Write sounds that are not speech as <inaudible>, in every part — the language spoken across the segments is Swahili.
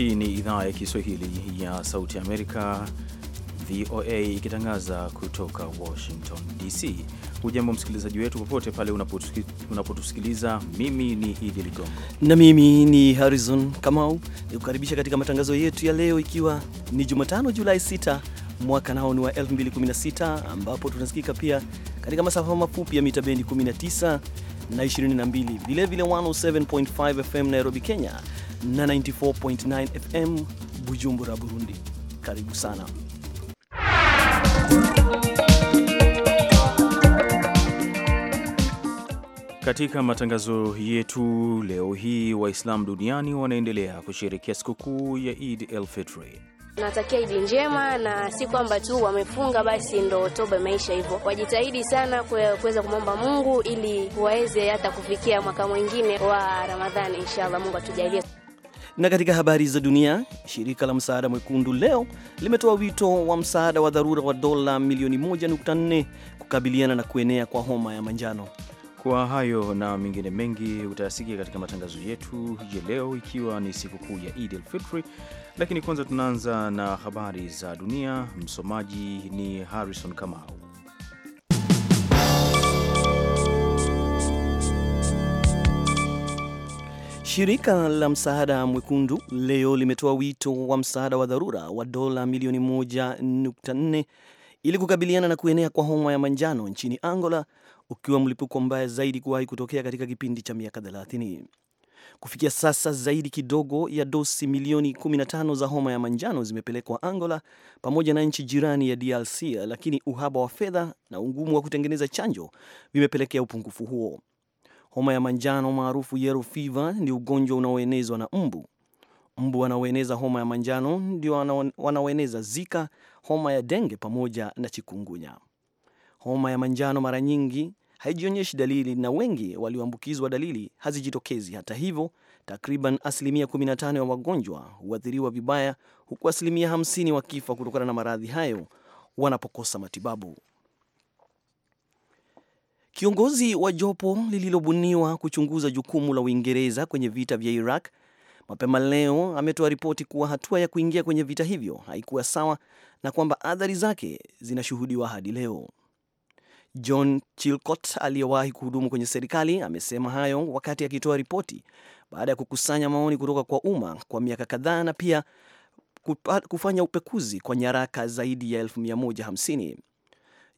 Hii ni idhaa ya Kiswahili ya Sauti Amerika, VOA, ikitangaza kutoka Washington DC. Hujambo msikilizaji wetu popote pale unapotusikiliza. Mimi ni Idi Ligongo na mimi ni Harrison Kamau, nikukaribisha katika matangazo yetu ya leo, ikiwa ni Jumatano Julai 6 mwaka nao ni wa 2016 ambapo tunasikika pia katika masafa mafupi ya mita bendi 19 na 22, vilevile 107.5 FM Nairobi, Kenya na 94.9 FM Bujumbura, Burundi. Karibu sana. Katika matangazo yetu leo hii, Waislamu duniani wanaendelea kusherehekea sikukuu ya Eid al Fitri. Natakia Idi njema na si kwamba tu wamefunga basi ndo toba imeisha hivyo. Wajitahidi sana kuweza kumwomba Mungu ili waweze hata kufikia mwaka mwingine wa Ramadhani, inshallah Mungu atujalie. Na katika habari za dunia, shirika la msaada mwekundu leo limetoa wito wa msaada wa dharura wa dola milioni 1.4 kukabiliana na kuenea kwa homa ya manjano. Kwa hayo na mengine mengi utayasikia katika matangazo yetu ya leo, ikiwa ni sikukuu ya Eid al Lakini kwanza tunaanza na habari za dunia. Msomaji ni Harrison Kamau. Shirika la msaada mwekundu leo limetoa wito wa msaada wa dharura wa dola milioni 1.4 ili kukabiliana na kuenea kwa homa ya manjano nchini Angola, ukiwa mlipuko mbaya zaidi kuwahi kutokea katika kipindi cha miaka 30. Kufikia sasa zaidi kidogo ya dosi milioni 15 za homa ya manjano zimepelekwa Angola pamoja na nchi jirani ya DRC, lakini uhaba wa fedha na ugumu wa kutengeneza chanjo vimepelekea upungufu huo. Homa ya manjano maarufu yellow fever ni ugonjwa unaoenezwa na mbu. Mbu wanaoeneza homa ya manjano ndio wanaoeneza Zika, homa ya denge pamoja na chikungunya. Homa ya manjano mara nyingi haijionyeshi dalili na wengi walioambukizwa dalili hazijitokezi. Hata hivyo, takriban asilimia 15 ya wagonjwa huathiriwa vibaya, huku asilimia 50 wakifa kutokana na maradhi hayo wanapokosa matibabu. Kiongozi wa jopo lililobuniwa kuchunguza jukumu la Uingereza kwenye vita vya Iraq mapema leo ametoa ripoti kuwa hatua ya kuingia kwenye vita hivyo haikuwa sawa na kwamba athari zake zinashuhudiwa hadi leo. John chilcot aliyewahi kuhudumu kwenye serikali amesema hayo wakati akitoa ripoti baada ya kukusanya maoni kutoka kwa umma kwa miaka kadhaa na pia kufanya upekuzi kwa nyaraka zaidi ya 150,000.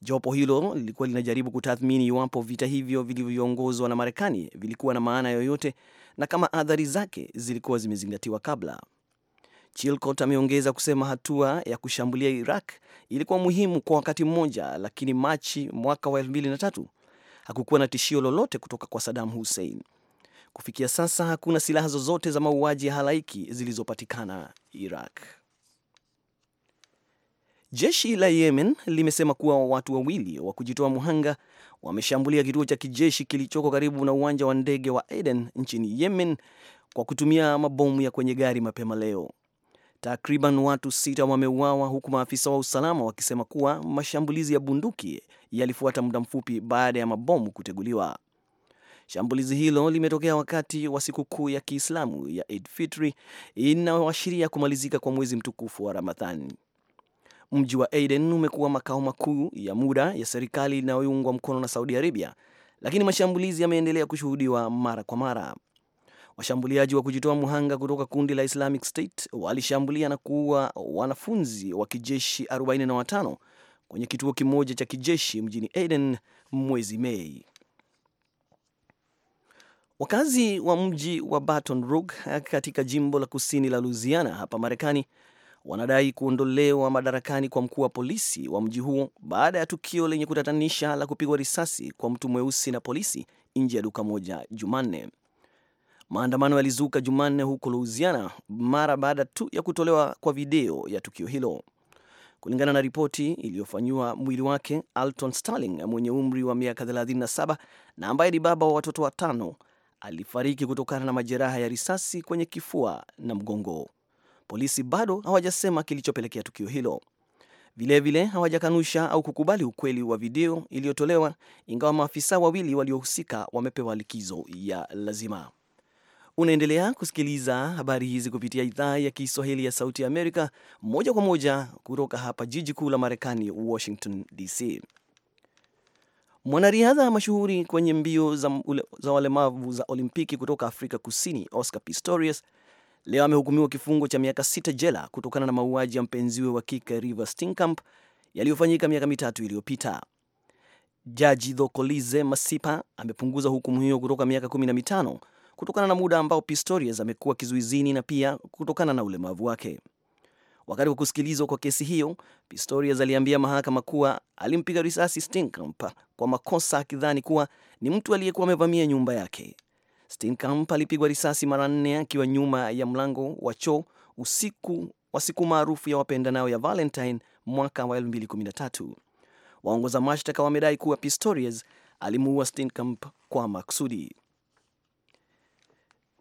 Jopo hilo lilikuwa linajaribu kutathmini iwapo vita hivyo vilivyoongozwa na Marekani vilikuwa na maana yoyote na kama athari zake zilikuwa zimezingatiwa kabla. Chilcot ameongeza kusema hatua ya kushambulia Iraq ilikuwa muhimu kwa wakati mmoja, lakini Machi mwaka wa 2003 hakukuwa na tishio lolote kutoka kwa Saddam Hussein. Kufikia sasa hakuna silaha zozote za mauaji ya halaiki zilizopatikana Iraq. Jeshi la Yemen limesema kuwa watu wawili wa kujitoa muhanga wameshambulia kituo cha kijeshi kilichoko karibu na uwanja wa ndege wa Aden nchini Yemen kwa kutumia mabomu ya kwenye gari mapema leo. Takriban watu sita wameuawa huku maafisa wa usalama wakisema kuwa mashambulizi ya bunduki yalifuata muda mfupi baada ya mabomu kuteguliwa. Shambulizi hilo limetokea wakati wa sikukuu ya Kiislamu ya Eid Fitri inayoashiria kumalizika kwa mwezi mtukufu wa Ramadhani. Mji wa Aden umekuwa makao makuu ya muda ya serikali inayoungwa mkono na Saudi Arabia, lakini mashambulizi yameendelea kushuhudiwa mara kwa mara. Washambuliaji wa kujitoa mhanga kutoka kundi la Islamic State walishambulia na kuua wanafunzi wa kijeshi 45 kwenye kituo kimoja cha kijeshi mjini Aden mwezi Mei. Wakazi wa mji wa Baton Rouge katika jimbo la kusini la Louisiana hapa Marekani wanadai kuondolewa madarakani kwa mkuu wa polisi wa mji huo baada ya tukio lenye kutatanisha la kupigwa risasi kwa mtu mweusi na polisi nje ya duka moja Jumanne. Maandamano yalizuka Jumanne huko Louisiana mara baada tu ya kutolewa kwa video ya tukio hilo. Kulingana na ripoti iliyofanyiwa mwili wake, Alton Starling mwenye umri wa miaka 37 na ambaye ni baba wa watoto watano alifariki kutokana na majeraha ya risasi kwenye kifua na mgongo. Polisi bado hawajasema kilichopelekea tukio hilo. Vilevile hawajakanusha au kukubali ukweli wa video iliyotolewa, ingawa maafisa wawili waliohusika wamepewa likizo ya lazima. Unaendelea kusikiliza habari hizi kupitia idhaa ya Kiswahili ya Sauti ya Amerika, moja kwa moja kutoka hapa jiji kuu la Marekani, Washington DC. Mwanariadha mashuhuri kwenye mbio za, za walemavu za Olimpiki kutoka Afrika Kusini, Oscar Pistorius leo amehukumiwa kifungo cha miaka sita jela kutokana na mauaji ya mpenziwe wa kike River Stinkamp yaliyofanyika miaka mitatu iliyopita. Jaji Dhokolize Masipa amepunguza hukumu hiyo kutoka miaka kumi na mitano kutokana na muda ambao Pistorius amekuwa kizuizini na pia kutokana na ulemavu wake. Wakati wa kusikilizwa kwa kesi hiyo, Pistorius aliambia mahakama kuwa alimpiga risasi Steenkamp kwa makosa akidhani kuwa ni mtu aliyekuwa amevamia nyumba yake. Steenkamp alipigwa risasi mara nne akiwa nyuma ya mlango wa choo usiku wa siku maarufu ya wapendanao ya Valentine mwaka wa 2013. Waongoza mashtaka wamedai kuwa Pistorius alimuua Steenkamp kwa maksudi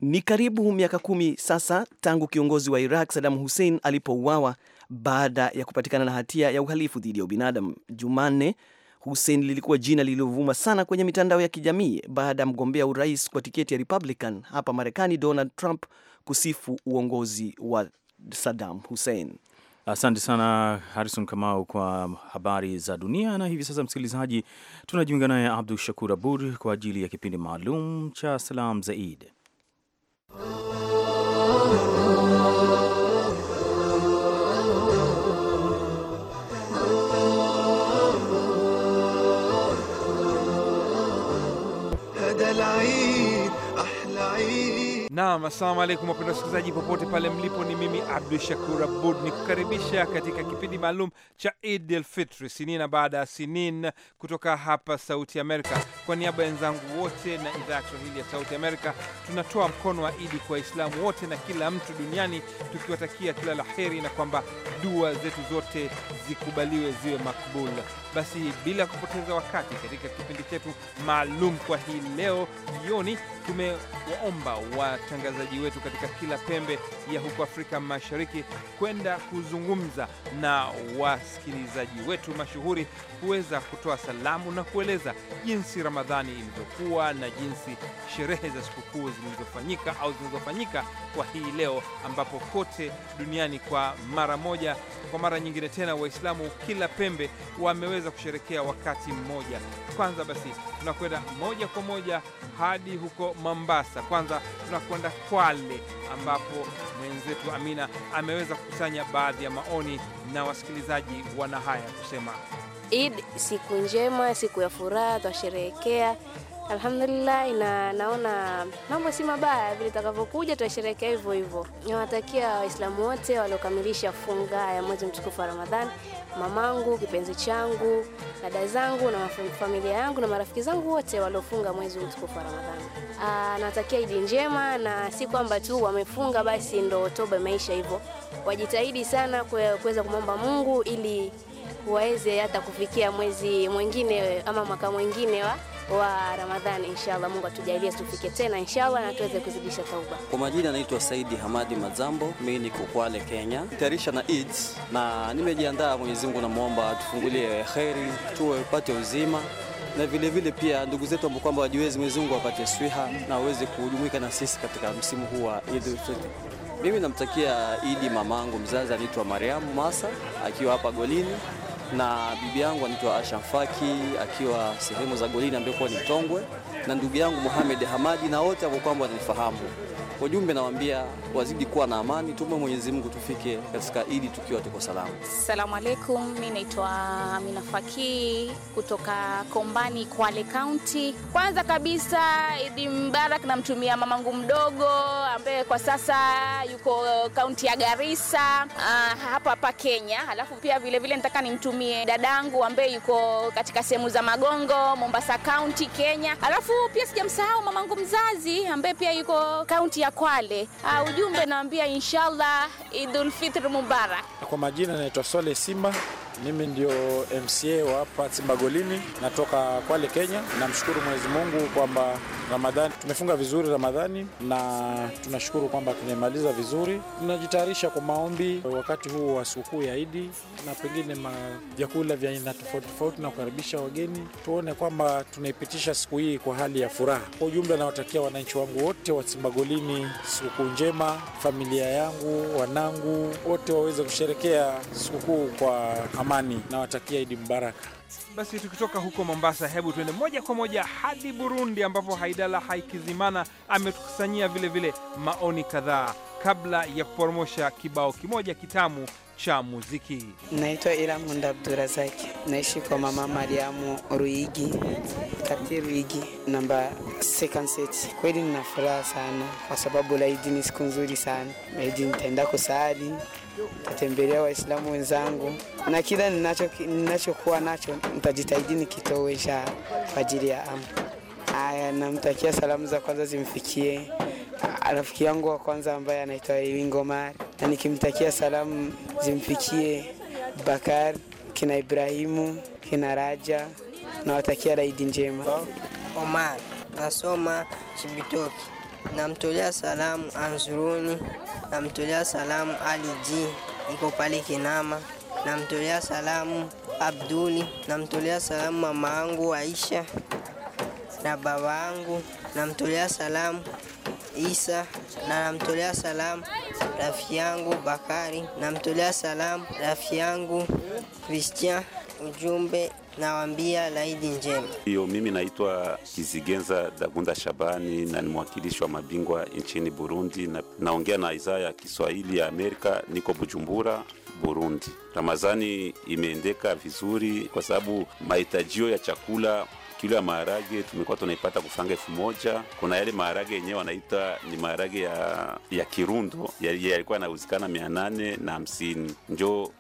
Ni karibu miaka kumi sasa tangu kiongozi wa Iraq Saddam Hussein alipouawa baada ya kupatikana na hatia ya uhalifu dhidi ya ubinadamu Jumanne Hussein lilikuwa jina lililovuma sana kwenye mitandao ya kijamii baada ya mgombea urais kwa tiketi ya Republican hapa Marekani Donald Trump kusifu uongozi wa Saddam Hussein. Asante sana Harrison Kamau kwa habari za dunia. Na hivi sasa, msikilizaji, tunajiunga naye Abdu Shakur Abud kwa ajili ya kipindi maalum cha Salam za Naam, assalamu alaikum wapendwa wasikilizaji popote pale mlipo, ni mimi Abdu Shakur Abud ni kukaribisha katika kipindi maalum cha Id el Fitri sinina baada ya sinin kutoka hapa Sauti Amerika. Kwa niaba ya wenzangu wote na idhaa ya Kiswahili ya Sauti Amerika, tunatoa mkono wa idi kwa Waislamu wote na kila mtu duniani tukiwatakia kila la heri na kwamba dua zetu zote zikubaliwe ziwe makbul. Basi bila kupoteza wakati katika kipindi chetu maalum kwa hii leo jioni tumewaomba watangazaji wetu katika kila pembe ya huko Afrika Mashariki kwenda kuzungumza na wasikilizaji wetu mashuhuri kuweza kutoa salamu na kueleza jinsi Ramadhani ilivyokuwa na jinsi sherehe za sikukuu zilizofanyika au zinazofanyika kwa hii leo, ambapo kote duniani kwa mara moja, kwa mara nyingine tena, Waislamu kila pembe wameweza kusherekea wakati mmoja. Kwanza basi tunakwenda moja kwa moja hadi huko Mombasa. Kwanza tunakwenda Kwale ambapo mwenzetu Amina ameweza kukusanya baadhi ya maoni na wasikilizaji wana haya kusema. Eid siku njema, siku ya furaha, twasherehekea Alhamdulillah, na naona mambo si mabaya, vile takavyokuja tutasherehekea hivyo hivyo. Niwatakia Waislamu wote waliokamilisha funga ya mwezi mtukufu wa Ramadhani, mamangu kipenzi changu, dada zangu na familia yangu na marafiki zangu wote waliofunga mwezi mtukufu wa Ramadhani. Ah, nawatakia Idi njema, na si kwamba tu wamefunga basi ndo toba imeisha hivyo, wajitahidi sana kuweza kumwomba Mungu ili waweze hata kufikia mwezi mwingine ama mwaka mwingine wa wa Ramadhani inshallah. Mungu atujalie tufike tena inshallah na tuweze kuzidisha tauba. Kwa majina anaitwa Saidi Hamadi Mazambo, mimi niko Kwale, Kenya, tayarisha na Eid na nimejiandaa. Mwenyezi Mungu namwomba atufungulie kheri, upate uzima na vilevile vile pia ndugu zetu ambao kwamba wajiwezi, Mwenyezi Mungu apate swiha na waweze kujumuika na sisi katika msimu huu wa Eid al-Fitr. Mimi namtakia Idi mamangu mzazi anaitwa Mariamu Masa akiwa hapa Golini na bibi yangu anaitwa Asha Faki akiwa sehemu za golini ambayo ni tongwe na ndugu yangu Mohamed Hamadi, na wote hapo kwamba wananifahamu. Wajumbe nawaambia wazidi kuwa na amani, tume Mwenyezi Mungu tufike katika Idi tukiwa tuko salama. Salamu alaikum, mimi naitwa Amina faki kutoka Kombani, Kwale County. Kwanza kabisa Idi Mbarak namtumia mamangu mdogo ambaye kwa sasa yuko kaunti ya Garissa ah, hapa hapa Kenya. Halafu pia vile vile nataka nimtumie dadangu ambaye yuko katika sehemu za Magongo, Mombasa County, Kenya. Halafu pia sijamsahau mamangu mzazi ambaye pia yuko kaunti ya Kwale. Uh, ujumbe naambia inshallah Idul Fitr Mubarak. Kwa majina naitwa sole Simba. Mimi ndio MCA wa hapa Simbagolini, natoka Kwale, Kenya. Namshukuru Mwenyezi Mungu kwamba Ramadhani tumefunga vizuri Ramadhani, na tunashukuru kwamba tumemaliza vizuri. Tunajitayarisha kwa maombi wakati huu wa sikukuu ya Idi na pengine vyakula vya aina tofauti tofauti na kukaribisha wageni, tuone kwamba tunaipitisha siku hii kwa hali ya furaha. Kwa ujumla, nawatakia wananchi wangu wote wa Simbagolini sikukuu njema, familia yangu, wanangu wote waweze kusherekea sikukuu kwa amani amani. Nawatakia Idi Mbaraka. Basi tukitoka huko Mombasa, hebu tuende moja kwa moja hadi Burundi, ambapo Haidala Haikizimana ametukusanyia vilevile maoni kadhaa kabla ya kuporomosha kibao kimoja kitamu cha muziki. Naitwa Ilamunda Abdurazaki, naishi kwa mama Mariamu Ruigi, kati Ruigi namba 57. Kweli nina furaha sana kwa sababu laidi ni siku nzuri sana, laidi nitaenda kusali nitatembelea Waislamu wenzangu na kila ninachokuwa nacho ntajitaidi nikitoe kwa ajili ya amani. Haya, namtakia salamu za kwanza zimfikie ah, rafiki yangu wa kwanza ambaye anaitwa Ewi na nikimtakia salamu zimfikie bakar kina Ibrahimu kina Raja, nawatakia raidi njema. Omar nasoma Chibitoki namtolea salamu Anzuruni, namtolea salamu Ali G iko pale Kinama, namtolea salamu Abduli, namtolea salamu mama yangu Aisha na baba yangu, namtolea salamu Isa na namtolea salamu rafiki yangu Bakari, namtolea salamu rafiki yangu Christian. Ujumbe Nawaambia laidi njema. Hiyo, mimi naitwa Kizigenza Dagunda Shabani na ni mwakilishi wa mabingwa nchini Burundi na, naongea na idhaa ya Kiswahili ya Amerika, niko Bujumbura Burundi. ramadhani imeendeka vizuri kwa sababu mahitajio ya chakula kilo ya maharage tumekuwa tunaipata kufanga elfu moja. Kuna yale maharage yenyewe wanaita ni maharage ya, ya Kirundo yalikuwa yanauzikana mia nane na hamsini njo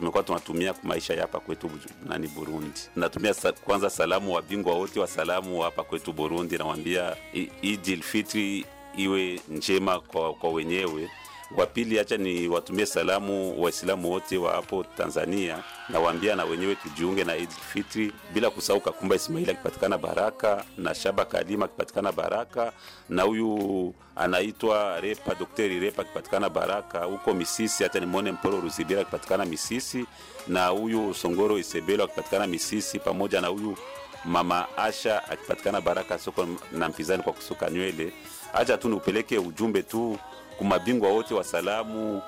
tumekuwa tunatumia maisha hapa kwetu nani Burundi. Natumia sa, kwanza salamu wabingwa wote wa salamu hapa kwetu Burundi, nawaambia Idil Fitri iwe njema kwa, kwa wenyewe wa pili, acha ni watumie salamu Waislamu wote wa hapo Tanzania na waambia na wenyewe tujiunge na Eid Fitri, bila kusahau Kakumba Ismaili akipatikana Baraka na Shaba Kalima akipatikana Baraka na huyu anaitwa Repa Daktari Repa akipatikana Baraka huko Misisi. Hata nimwone Mpolo Ruzibira akipatikana Misisi na huyu Songoro Isebelo akipatikana Misisi pamoja na huyu Mama Asha akipatikana Baraka soko na mpizani kwa kusuka nywele. Acha tu niupeleke ujumbe tu kumabingwa wote wa salamu,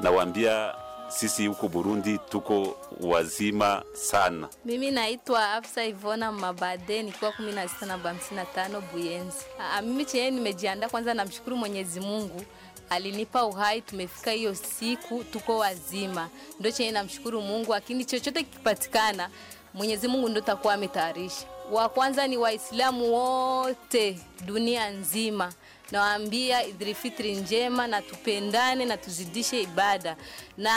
nawaambia sisi huko Burundi tuko wazima sana. Mimi naitwa Afsa Ivona Mabade nikiwa 16 na 55 Buyenzi. mimi chenye nimejiandaa kwanza, namshukuru Mwenyezi Mungu alinipa uhai, tumefika hiyo siku, tuko wazima, ndio chenye namshukuru Mungu. Lakini chochote kikipatikana, Mwenyezi Mungu ndio takuwa ametayarisha. Wa kwanza ni Waislamu wote dunia nzima nawaambia Idul Fitri njema na tupendane na tuzidishe ibada, na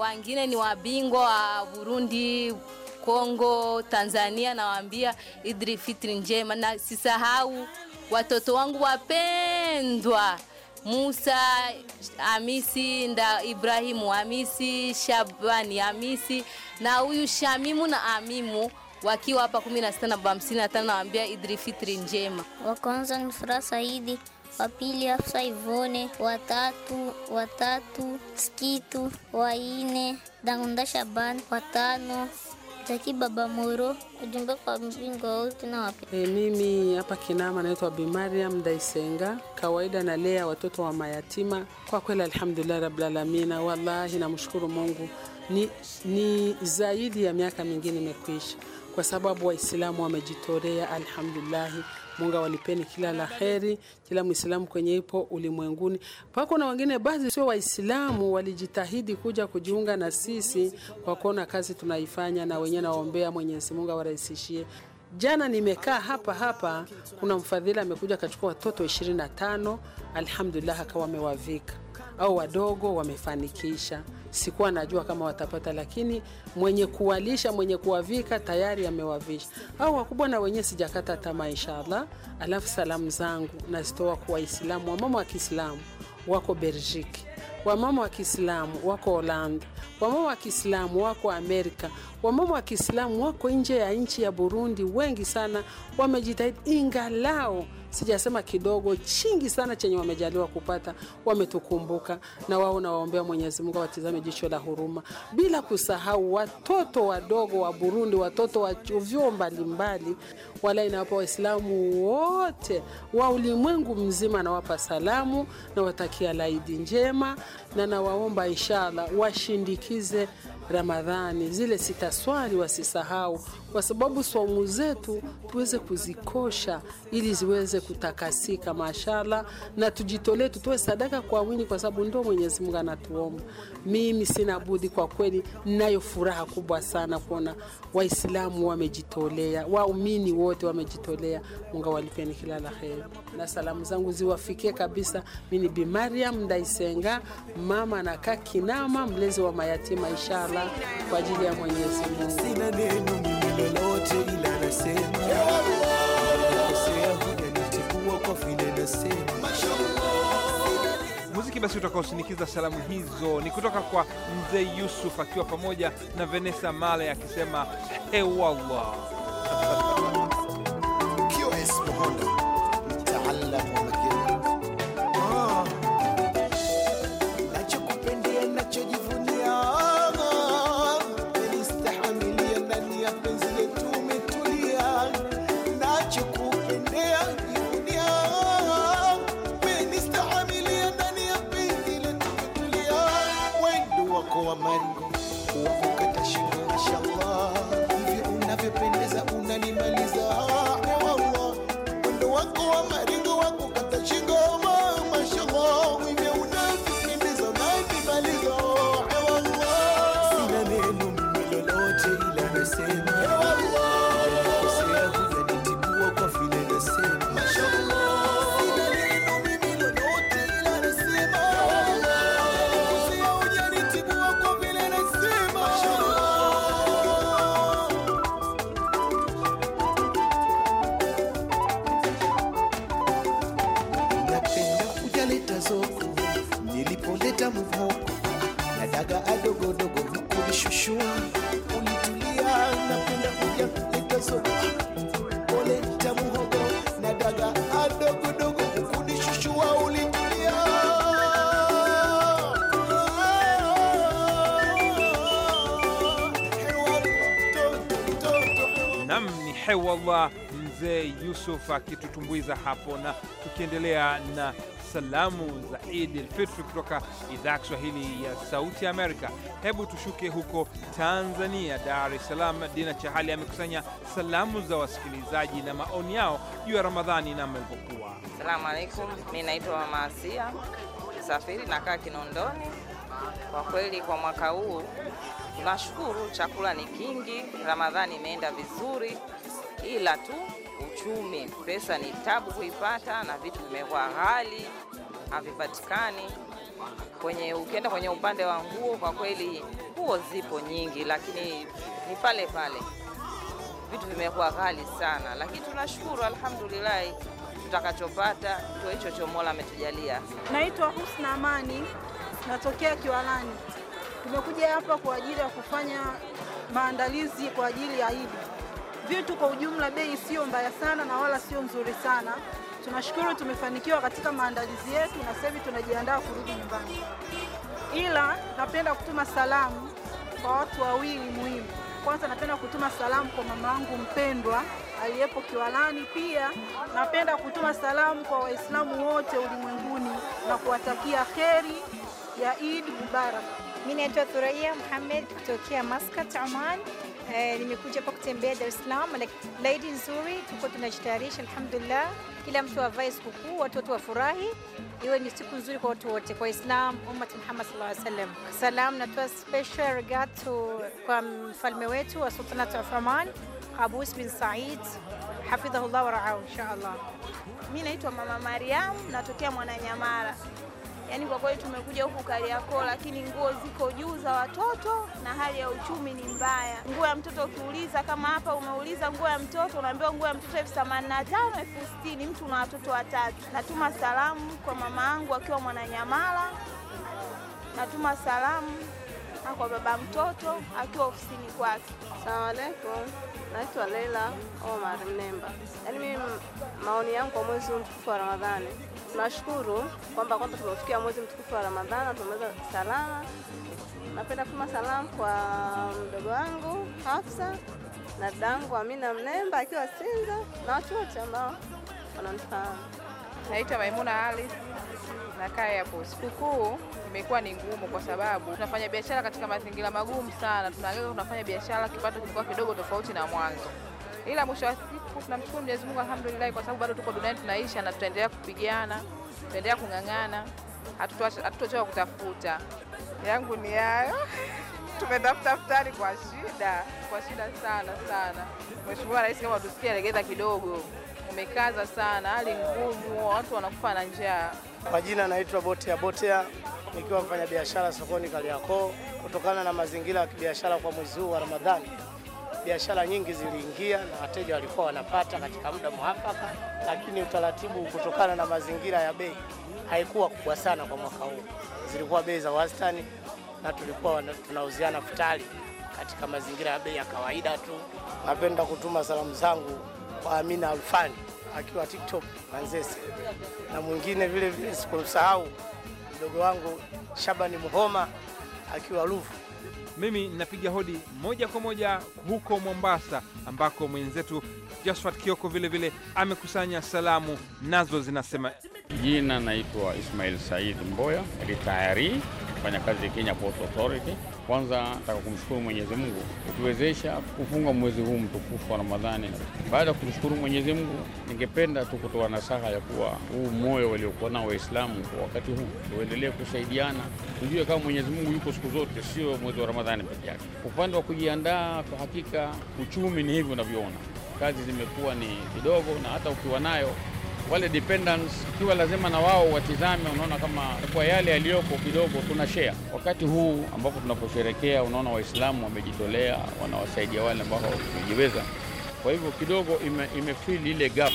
wengine ni wabingwa wa Burundi Kongo, Tanzania, nawaambia idri Fitri njema, na sisahau watoto wangu wapendwa Musa Hamisi nda Ibrahimu Hamisi Shabani Hamisi na huyu Shamimu na Amimu wakiwa hapa 16 na 55, nawaambia Fitri njema. Wa kwanza ni furaha Saidi wa pili Hafsa Ivone, watatu watatu skitu waine Dangunda Shaban, watano Jaki Baba Moro. Ujumbe kwa mbingo wote na wapi? E, mimi hapa Kinama naitwa Bi Mariam Daisenga, kawaida nalea watoto wa mayatima. Kwa kweli alhamdulillah rabbil alamin, wallahi namshukuru Mungu ni, ni zaidi ya miaka mingine imekwisha, kwa sababu Waislamu wamejitolea alhamdulillahi Mungu awalipeni kila la heri, kila Mwislamu kwenye ipo ulimwenguni. Pako na wengine baadhi sio Waislamu walijitahidi kuja kujiunga na sisi kwa kuona kazi tunaifanya, na wenyewe nawaombea Mwenyezi Mungu awarahisishie. Jana nimekaa hapa hapa, kuna mfadhili amekuja akachukua watoto 25 alhamdulillah, akawa amewavika au wadogo wamefanikisha. Sikuwa najua kama watapata, lakini mwenye kuwalisha, mwenye kuwavika tayari amewavisha. Au wakubwa na wenyewe sijakata tama inshallah. Alafu salamu zangu nazitoa kwa Waislamu, wamama wa Kiislamu wako Belgique, wamama wa Kiislamu wako Holland, wamama wa Kiislamu wako Amerika, wamama wa Kiislamu wako nje ya nchi ya Burundi. Wengi sana wamejitahidi ingalao sijasema kidogo, chingi sana chenye wamejaliwa kupata. Wametukumbuka na wao, nawaombea Mwenyezi Mungu awatizame jicho la huruma, bila kusahau watoto wadogo wa Burundi, watoto wa vyuo mbalimbali. Wala inawapa Waislamu wote wa ulimwengu mzima, nawapa salamu, nawatakia laidi njema, na nawaomba inshallah washindikize Ramadhani, zile sitaswali wasisahau kwa sababu swaumu zetu tuweze kuzikosha ili ziweze kutakasika, mashala, na tujitolee, tutoe sadaka kwa wingi, kwa sababu ndio Mwenyezi Mungu anatuomba. Mimi sina budi, kwa kweli nayo furaha kubwa sana kuona Waislamu wamejitolea, waumini wote wamejitolea. Mungu walipeni kila la heri, na salamu zangu ziwafikie kabisa. Mimi ni Bi Mariam Ndaisenga, mama na kakinama, mlezi wa mayatima, inshallah kwa ajili ya Mwenyezi Mungu lolote ila nasema muziki basi utakaosindikiza salamu hizo ni kutoka kwa mzee Yusuf akiwa pamoja na Venesa Male akisema hewallah. hewallah mzee Yusuf akitutumbuiza hapo, na tukiendelea na salamu za Idi Elfitri kutoka idhaa ya Kiswahili ya Sauti Amerika. Hebu tushuke huko Tanzania, Dar es Salaam. Dina Chahali amekusanya salamu za wasikilizaji na maoni yao juu ya Ramadhani na mlivyokuwa. salamu alaikum, mi naitwa Mama Asia Safiri, nakaa Kinondoni. Kwa kweli kwa mwaka huu tunashukuru, chakula ni kingi, Ramadhani imeenda vizuri ila tu uchumi, pesa ni tabu kuipata na vitu vimekuwa ghali, havipatikani. Kwenye ukienda kwenye upande wa nguo, kwa kweli nguo zipo nyingi, lakini ni pale pale, vitu vimekuwa ghali sana, lakini tunashukuru alhamdulillah tutakachopata ndio hicho cho Mola ametujalia. Naitwa Husna Amani, natokea Kiwalani. Tumekuja hapa kwa ajili ya kufanya maandalizi kwa ajili ya Idi vitu kwa ujumla, bei sio mbaya sana na wala sio nzuri sana. Tunashukuru tumefanikiwa katika maandalizi yetu na sasa hivi tunajiandaa kurudi nyumbani, ila napenda kutuma salamu kwa watu wawili muhimu. Kwanza napenda kutuma salamu kwa mama yangu mpendwa aliyepo Kiwalani. Pia napenda kutuma salamu kwa Waislamu wote ulimwenguni na kuwatakia kheri ya Eid Mubarak. Mimi naitwa Thuraiya Muhammad kutokea Maskat, Oman. E, nimekuja hapa kutembea Dar es Salaam, laidi nzuri, tuko tunajitayarisha alhamdulillah. Kila mtu avae sikukuu, watoto wafurahi, iwe ni siku nzuri kwa watu wote, kwa Islam ummat Muhammad sallallahu alaihi wasallam. Salam natoa special regard to kwa mfalme wetu wa Sultanate of Oman Qaboos bin Said hafidhahullah wa ra'ahu Allah. Mimi naitwa Mama Mariam, natokea Mwananyamala. Yaani kwa kweli tumekuja huku Kariakoo, lakini nguo ziko juu za watoto na hali ya uchumi ni mbaya. Nguo ya mtoto ukiuliza, kama hapa umeuliza nguo ya mtoto, unaambiwa nguo ya mtoto elfu themanini na tano elfu sitini mtu na watoto watatu. Natuma salamu kwa mama yangu akiwa Mwananyamala, natuma salamu na kwa baba mtoto akiwa ofisini kwake. Asalamu alaykum, naitwa Leila Omar Mnemba. Yaani mimi maoni yangu kwa mwezi mtukufu wa Ramadhani Tunashukuru kwamba kwanza tumefikia mwezi mtukufu wa Ramadhani, tumeweza salama. Napenda kutuma salamu kwa mdogo wangu Hafsa na dadangu Amina Mnemba akiwa Sinza na watu wote ambao wananifahamu. Naitwa Maimuna Ali na kaya hapo. Sikukuu imekuwa ni ngumu kwa sababu tunafanya biashara katika mazingira magumu sana, tunaangaika, tunafanya biashara, kipato kilikuwa kidogo tofauti na mwanzo ila mwisho wa siku tunamshukuru Mwenyezi Mungu alhamdulillah, kwa sababu bado tuko duniani tunaisha, na tutaendelea kupigana, tutaendelea kung'ang'ana, hatutochoka kutafuta. Yangu ni hayo. <laughs> Tumetafuta futari kwa shida, kwa shida sana sana. Mheshimiwa Rais, kama tusikia, legeza kidogo, umekaza sana, hali ngumu, watu wanakufa na njaa. Kwa jina naitwa Botea Botea, nikiwa mfanyabiashara sokoni Kariakoo. Kutokana na mazingira ya kibiashara kwa mwezi huu wa Ramadhani biashara nyingi ziliingia na wateja walikuwa wanapata katika muda mwafaka, lakini utaratibu kutokana na mazingira ya bei haikuwa kubwa sana kwa mwaka huu, zilikuwa bei za wastani na tulikuwa tunauziana futari katika mazingira ya bei ya kawaida tu. Napenda kutuma salamu zangu kwa Amina Alfani akiwa TikTok Manzese, na mwingine vile vile sikumsahau mdogo wangu Shabani Muhoma akiwa Ruvu. Mimi napiga hodi moja kwa moja huko Mombasa, ambako mwenzetu Josphat Kioko vilevile amekusanya salamu, nazo zinasema: jina naitwa Ismail Said Mboya, ritayari kufanya kazi Kenya Ports Authority. Kwanza nataka kumshukuru Mwenyezi Mungu kutuwezesha kufunga mwezi huu mtukufu wa Ramadhani. Baada ya kumshukuru Mwenyezi Mungu, ningependa tu kutoa nasaha ya kuwa huu moyo waliokuwa nao Waislamu kwa wakati huu tuendelee kusaidiana, tujue kama Mwenyezi Mungu yuko siku zote, sio mwezi wa Ramadhani peke yake. Upande wa kujiandaa, kwa hakika uchumi ni hivi unavyoona, kazi zimekuwa ni kidogo, na hata ukiwa nayo wale dependents kiwa lazima na wao watizame. Unaona, kama kwa yale yaliyoko kidogo tuna share. Wakati huu ambapo tunaposherekea, unaona Waislamu wamejitolea, wanawasaidia wale ambao wamejiweza. Kwa hivyo kidogo ime, ile gap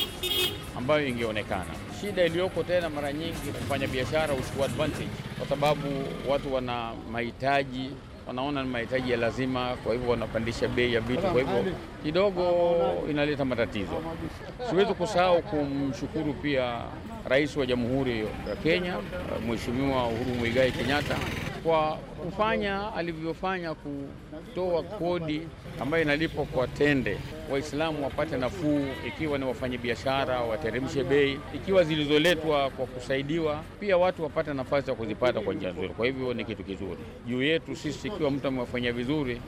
ambayo ingeonekana. Shida iliyoko tena mara nyingi, kufanya biashara usiku advantage, kwa sababu watu wana mahitaji wanaona ni mahitaji ya lazima, kwa hivyo wanapandisha bei ya vitu, kwa hivyo kidogo inaleta matatizo. Siwezi kusahau kumshukuru pia Rais wa Jamhuri ya Kenya Mheshimiwa Uhuru Muigai Kenyatta kwa kufanya alivyofanya kutoa kodi ambayo inalipwa kwa tende, Waislamu wapate nafuu, ikiwa ni biashara wateremshe bei, ikiwa zilizoletwa kwa kusaidiwa, pia watu wapate nafasi ya kuzipata kwa njia nzuri. Kwa hivyo ni kitu kizuri juu yetu sisi, ikiwa mtu amewafanyia vizuri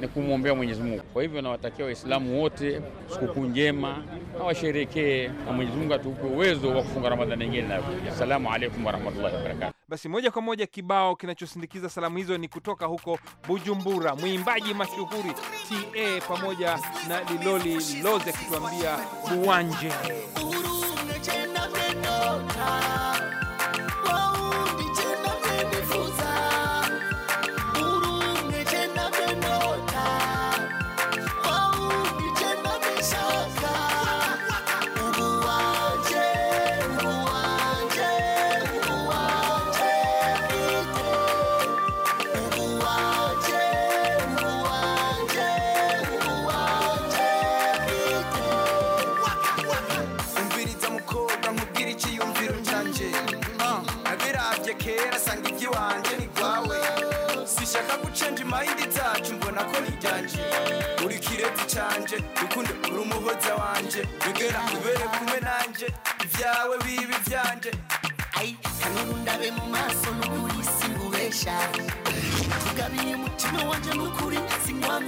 ni kumwombea Mwenyezi Mungu. Kwa hivyo nawatakia Waislamu wote sikukuu njema na washerekee, na Mwenyezi Mungu atupe uwezo wa kufunga Ramadhani nyingine inayokuja. Assalamu alaikum warahmatullahi wabarakatu. Basi moja kwa moja kibao kinachosindikiza salamu hizo ni kutoka huko Bujumbura, mwimbaji mashuhuri ta pamoja na Liloli Loze akituambia buwanje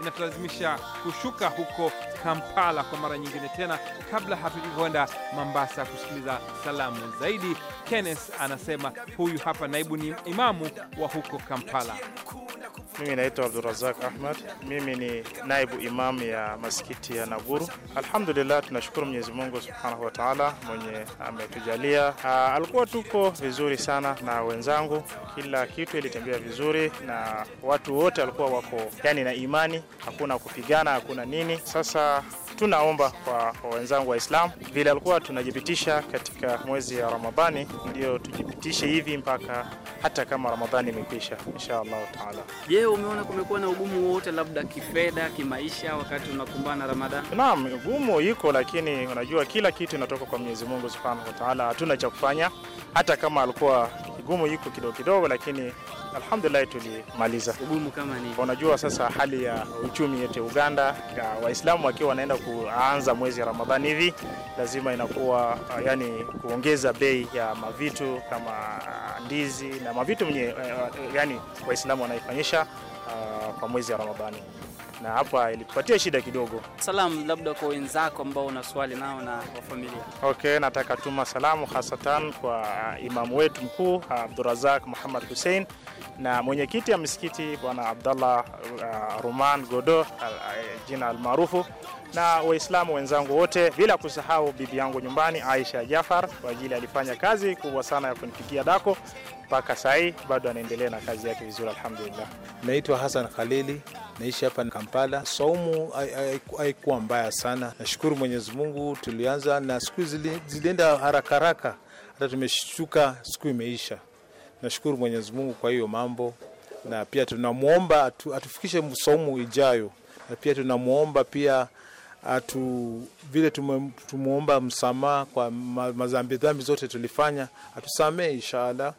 inatulazimisha kushuka huko Kampala kwa mara nyingine tena, kabla hatujakwenda Mombasa kusikiliza salamu zaidi. Kenneth anasema huyu hapa naibu ni imamu wa huko Kampala. Mimi naitwa Abdurazak Ahmad, mimi ni naibu imamu ya masikiti ya Naguru. Alhamdulillah, tunashukuru Mwenyezi Mungu subhanahu wa taala mwenye ametujalia. Ah, alikuwa tuko vizuri sana na wenzangu, kila kitu ilitembea vizuri na watu wote walikuwa wako yani na imani, hakuna kupigana, hakuna nini. Sasa tunaomba kwa, kwa wenzangu Waislamu vile alikuwa tunajipitisha katika mwezi ya Ramadhani, ndio tujipitishe hivi mpaka hata kama Ramadhani imekwisha insha allahu taala. Je, leo umeona kumekuwa na ugumu wote, labda kifedha, kimaisha, wakati unakumbana na Ramadhani? Naam, ugumu iko, lakini unajua kila kitu inatoka kwa Mwenyezi Mungu Subhanahu wa Ta'ala, hatuna cha kufanya. Hata kama alikuwa ugumu iko kidogo kidogo, lakini Alhamdulillah, tulimaliza. Ugumu kama Unajua sasa hali ya uchumi yetu Uganda, Waislamu wakiwa wanaenda kuanza mwezi Ramadhani hivi, lazima inakuwa yani kuongeza bei ya mavitu kama uh, ndizi na mavitu mwenye uh, uh, yani Waislamu wanaifanyisha uh, kwa mwezi ya Ramadhani na hapa ilitupatia shida kidogo. Salamu labda kwa wenzako ambao una swali nao na kwa familia. Okay, nataka tuma salamu hasatan kwa uh, imamu wetu mkuu uh, Abdurazak Muhammad Hussein na mwenyekiti ya msikiti Bwana Abdallah uh, Godo uh, jina almaarufu na Waislamu wenzangu wote, bila kusahau bibi yangu nyumbani Aisha Jafar, kwa ajili alifanya kazi kubwa sana ya kunipikia dako mpaka sahi bado anaendelea na kazi yake vizuri, alhamdulillah. Naitwa Hassan Khalili, naishi hapa Kampala. Saumu haikuwa mbaya sana, nashukuru Mwenyezi Mungu. Tulianza na siku zilienda haraka haraka, hata tumeshtuka siku imeisha. Nashukuru Mwenyezi Mungu kwa hiyo mambo, na pia tunamwomba atu, atufikishe saumu ijayo, na pia tunamwomba pia atu vile tumwomba msamaha kwa ma, mazambi dhambi zote tulifanya, atusamee inshallah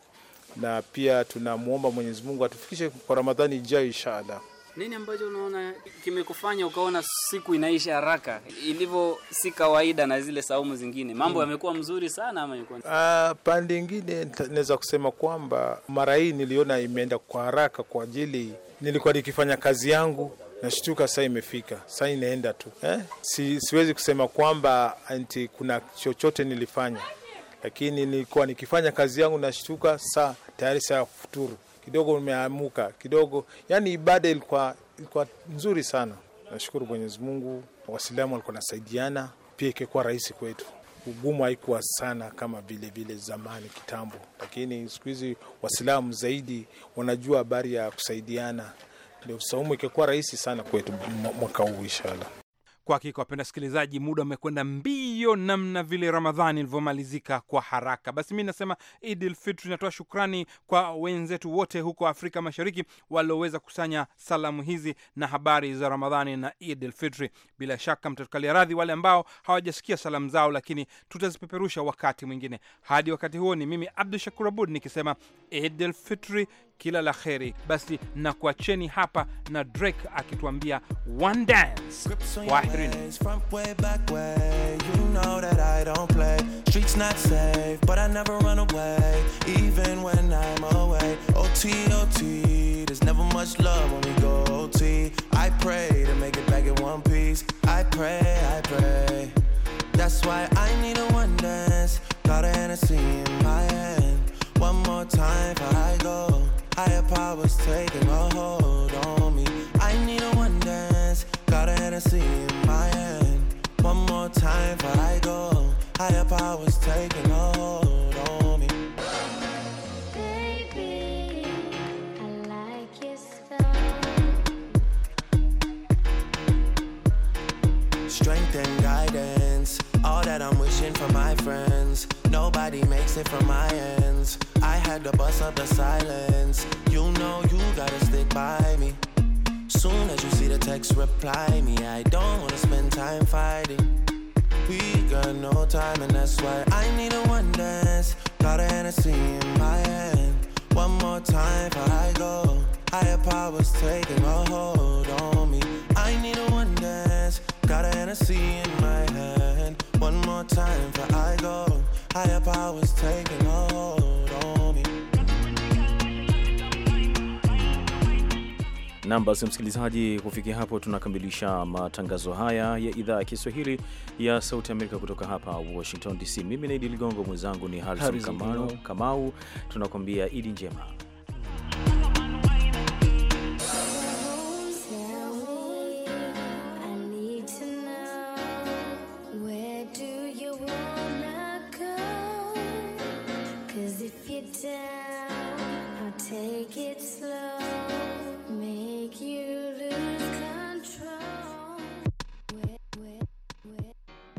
na pia tunamwomba Mwenyezi Mungu atufikishe kwa Ramadhani ijayo inshallah. Nini ambacho unaona kimekufanya ukaona siku inaisha haraka ilivyo, si kawaida na zile saumu zingine? Mambo mm. yamekuwa mzuri sana ama ilikuwa uh, ah, pande ingine naweza kusema kwamba mara hii niliona imeenda kwa haraka, kwa ajili nilikuwa nikifanya kazi yangu nashtuka saa imefika, saa inaenda tu eh? Si, siwezi kusema kwamba anti kuna chochote nilifanya lakini nilikuwa nikifanya kazi yangu nashtuka, saa tayari saa futuru kidogo nimeamuka kidogo. Yani ibada ilikuwa, ilikuwa nzuri sana. Nashukuru Mwenyezi Mungu, Waislamu walikuwa nasaidiana, pia ikikuwa rahisi kwetu ugumu haikuwa sana kama vile vile zamani kitambo, lakini siku hizi Waislamu zaidi wanajua habari ya kusaidiana, ndio saumu ikikuwa rahisi sana kwetu mwaka huu inshallah. Kwa hakika wapenda sikilizaji, muda umekwenda mbio namna vile Ramadhani ilivyomalizika kwa haraka. Basi mi nasema Idil Fitri, natoa shukrani kwa wenzetu wote huko Afrika Mashariki walioweza kusanya salamu hizi na habari za Ramadhani na Idil Fitri. Bila shaka mtatukalia radhi wale ambao hawajasikia salamu zao, lakini tutazipeperusha wakati mwingine. Hadi wakati huo, ni mimi Abdu Shakur Abud nikisema Idil Fitri kila la kheri. Basi nakuacheni hapa na Drake akituambia one dance. Kwaherini. There's never much love when we go pray to make it back one piece. I pray, I pray. That's why I need a one dance. Got a Hennessy in my hand. One more time before I go. Higher powers taking a hold on me. I need a one dance, got a Hennessy in my hand. One more time before I go. Higher powers taking a hold on me. Baby, I like your Strength and guidance, all that I'm wishing for my friends. Nobody makes it from my ends had to bust up the silence. You know you gotta stick by me. Soon as you see the text, reply me. I don't wanna spend time fighting. We got no time, and that's why I need a one dance. Got a Hennessy in my hand. One more time before I go. Higher powers taking a hold on me. I need a one dance. Got a Hennessy in my hand. One more time before I go. Higher powers taking a hold on me. Nam, basi msikilizaji, kufikia hapo tunakamilisha matangazo haya ya idhaa ya Kiswahili ya Sauti Amerika kutoka hapa Washington DC. Mimi ni Idi Ligongo, mwenzangu ni Harrison Kamau. Kamau tunakuambia idi njema.